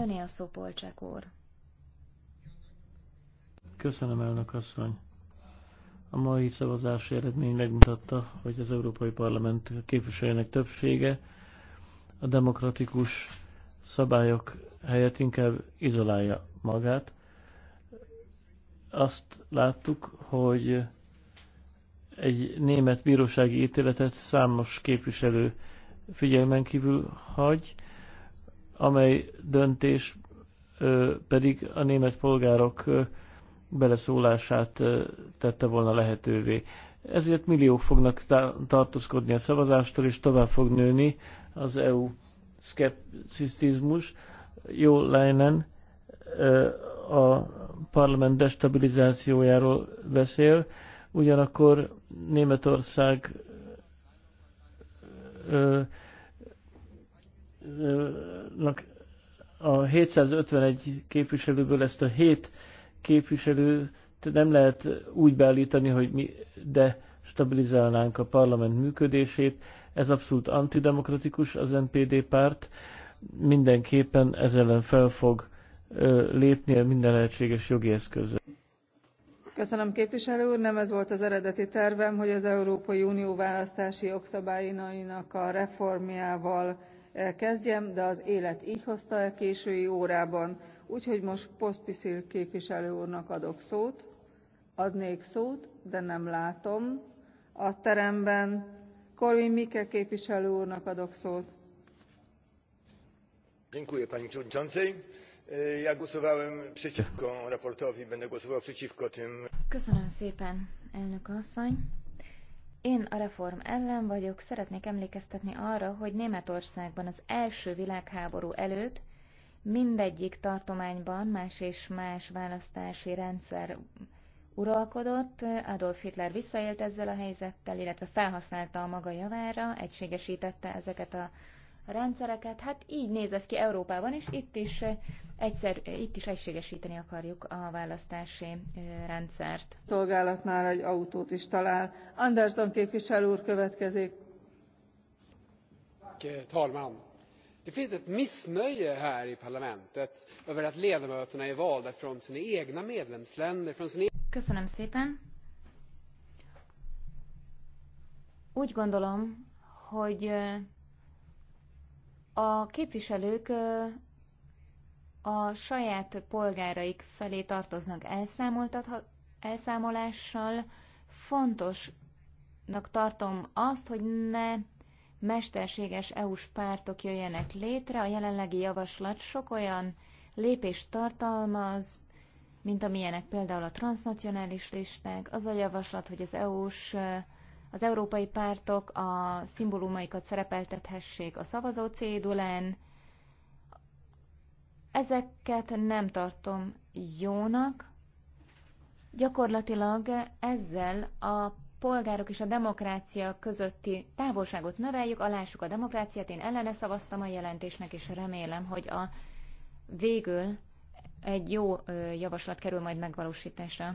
Öné a szó, Polcsák úr. Köszönöm, elnök asszony. A mai szavazási eredmény megmutatta, hogy az Európai Parlament képviselőjének többsége a demokratikus szabályok helyett inkább izolálja magát. Azt láttuk, hogy egy német bírósági ítéletet számos képviselő figyelmen kívül hagy, amely döntés pedig a német polgárok beleszólását tette volna lehetővé. Ezért milliók fognak tartózkodni a szavazástól, és tovább fog nőni az EU szkepticizmus. Jó Leinen a parlament destabilizációjáról beszél, ugyanakkor Németország a 751 képviselőből ezt a 7 képviselőt nem lehet úgy beállítani, hogy mi de stabilizálnánk a parlament működését. Ez abszolút antidemokratikus az NPD párt. Mindenképpen ez ellen fel fog lépni a minden lehetséges jogi eszközzel. Köszönöm képviselő úr, nem ez volt az eredeti tervem, hogy az Európai Unió választási jogszabályainak a reformjával kezdjem de az élet gy hozta e késői órában úgyhogy most pospil képviselő úrnak adok szót adnék szót de nem látom a teremben korwin mikke képviselő úrnak adok szót. pani przewodniczącej. E, ja głosowałem przeciwko sprawozdaniu będę głosował przeciwko tym. köszönöm szépen elnök asszony! Én a reform ellen vagyok, szeretnék emlékeztetni arra, hogy Németországban az első világháború előtt mindegyik tartományban más és más választási rendszer uralkodott, Adolf Hitler visszaélt ezzel a helyzettel, illetve felhasználta a maga javára, egységesítette ezeket a rendszereket. Hát így néz ez ki Európában, és itt is, eh, egyszer, eh, itt is egységesíteni akarjuk a választási eh, rendszert. szolgálatnál egy autót is talál. Anderson képviselő úr következik. Talman. Det finns ett missnöje här i parlamentet över att ledamöterna är valda från sina egna medlemsländer. Från sina... Köszönöm szépen. Úgy gondolom, hogy a képviselők a saját polgáraik felé tartoznak elszámolással. Fontosnak tartom azt, hogy ne mesterséges EU-s pártok jöjjenek létre. A jelenlegi javaslat sok olyan lépést tartalmaz, mint amilyenek például a transnacionális listák, az a javaslat, hogy az EU-s az európai pártok a szimbólumaikat szerepeltethessék a szavazó cédulán. Ezeket nem tartom jónak. Gyakorlatilag ezzel a polgárok és a demokrácia közötti távolságot növeljük, alássuk a demokráciát. Én ellene szavaztam a jelentésnek, és remélem, hogy a végül egy jó javaslat kerül majd megvalósításra.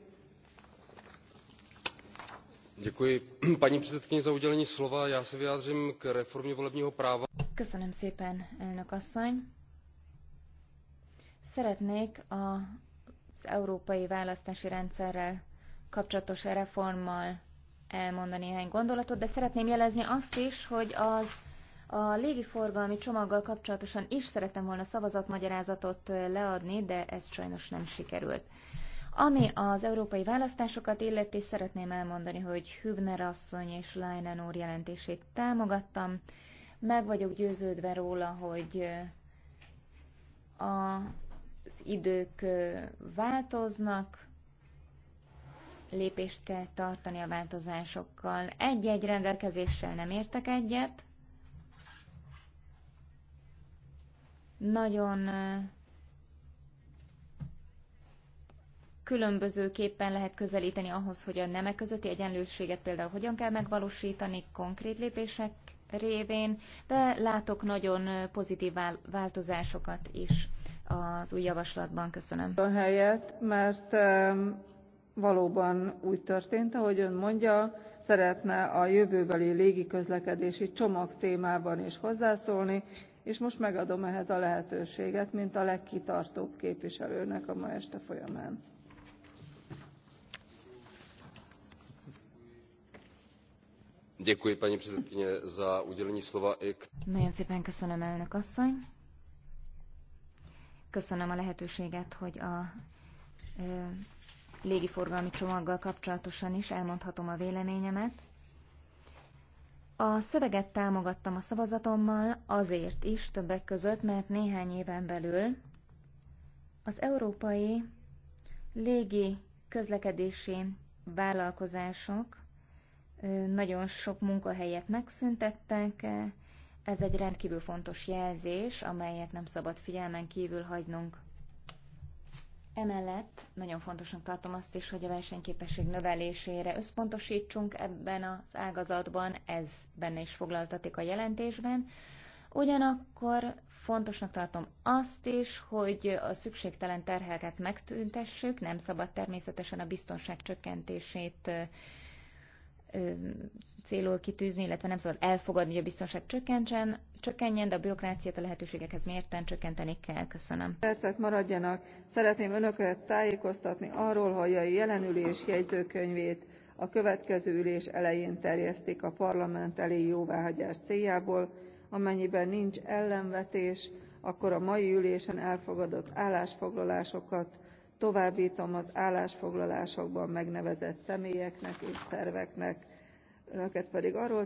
paní předsedající já se vyjádřím k reformě volebního práva. köszönöm szépen szeretnék az európai választási rendszerrel kapcsolatos reformmal elmondani néhány gondolatot de szeretném jelezni azt is hogy az a légiforgalmi csomaggal kapcsolatosan is szerettem volna szavazatmagyarázatot leadni de ez sajnos nem sikerült. Ami az európai választásokat illeti, szeretném elmondani, hogy Hübner asszony és Leinen úr jelentését támogattam. Meg vagyok győződve róla, hogy az idők változnak, lépést kell tartani a változásokkal. Egy-egy rendelkezéssel nem értek egyet. Nagyon különbözőképpen lehet közelíteni ahhoz, hogy a nemek közötti egyenlőséget például hogyan kell megvalósítani konkrét lépések révén, de látok nagyon pozitív változásokat is az új javaslatban. Köszönöm. A helyet, mert valóban úgy történt, ahogy ön mondja, szeretne a jövőbeli légiközlekedési csomag témában is hozzászólni, és most megadom ehhez a lehetőséget mint a legkitartóbb képviselőnek a ma este folyamán. Nagyon szépen köszönöm, elnök asszony. Köszönöm a lehetőséget, hogy a légiforgalmi csomaggal kapcsolatosan is elmondhatom a véleményemet. A szöveget támogattam a szavazatommal azért is többek között, mert néhány éven belül az európai légi közlekedési vállalkozások nagyon sok munkahelyet megszüntettek, ez egy rendkívül fontos jelzés, amelyet nem szabad figyelmen kívül hagynunk. Emellett nagyon fontosnak tartom azt is, hogy a versenyképesség növelésére összpontosítsunk ebben az ágazatban, ez benne is foglaltatik a jelentésben. Ugyanakkor fontosnak tartom azt is, hogy a szükségtelen terheket megtüntessük, nem szabad természetesen a biztonság csökkentését célul kitűzni, illetve nem szabad elfogadni, hogy a biztonság csökkentsen, csökkenjen, de a bürokráciát a lehetőségekhez mérten csökkenteni kell. Köszönöm. Percet maradjanak. Szeretném önöket tájékoztatni arról, hogy a jelenülés jegyzőkönyvét a következő ülés elején terjesztik a parlament elé jóváhagyás céljából, amennyiben nincs ellenvetés, akkor a mai ülésen elfogadott állásfoglalásokat továbbtom az állásfoglalásokban megnevezett személyeknek és szerveknek önöket pedig arról